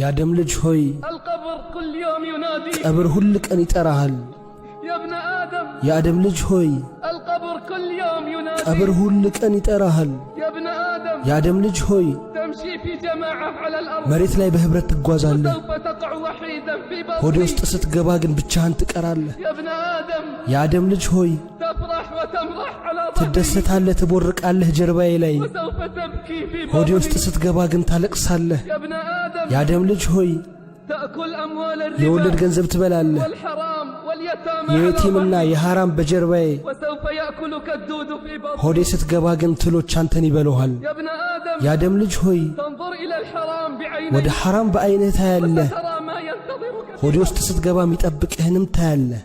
የአደም ልጅ ሆይ ቀብር ሁል ቀን ይጠራሃል። የአደም ልጅ ሆይ ቀብር ሁል ቀን ይጠራሃል። የአደም ልጅ ሆይ መሬት ላይ በኅብረት ትጓዛለህ፣ ሆዴ ውስጥ ስትገባ ግን ብቻህን ትቀራለህ። የአደም ልጅ ሆይ ትደሰታለህ፣ ትቦርቃለህ ጀርባዬ ላይ። ሆዴ ውስጥ ስትገባ ግን ታለቅሳለህ። የአደም ልጅ ሆይ የወለድ ገንዘብ ትበላለህ፣ የየቲምና የሐራም በጀርባዬ። ሆዴ ስትገባ ግን ትሎች አንተን ይበለሃል። የአደም ልጅ ሆይ ወደ ሐራም በዐይንህ ታያለህ። ሆዴ ውስጥ ስትገባ የሚጠብቅህንም ታያለህ።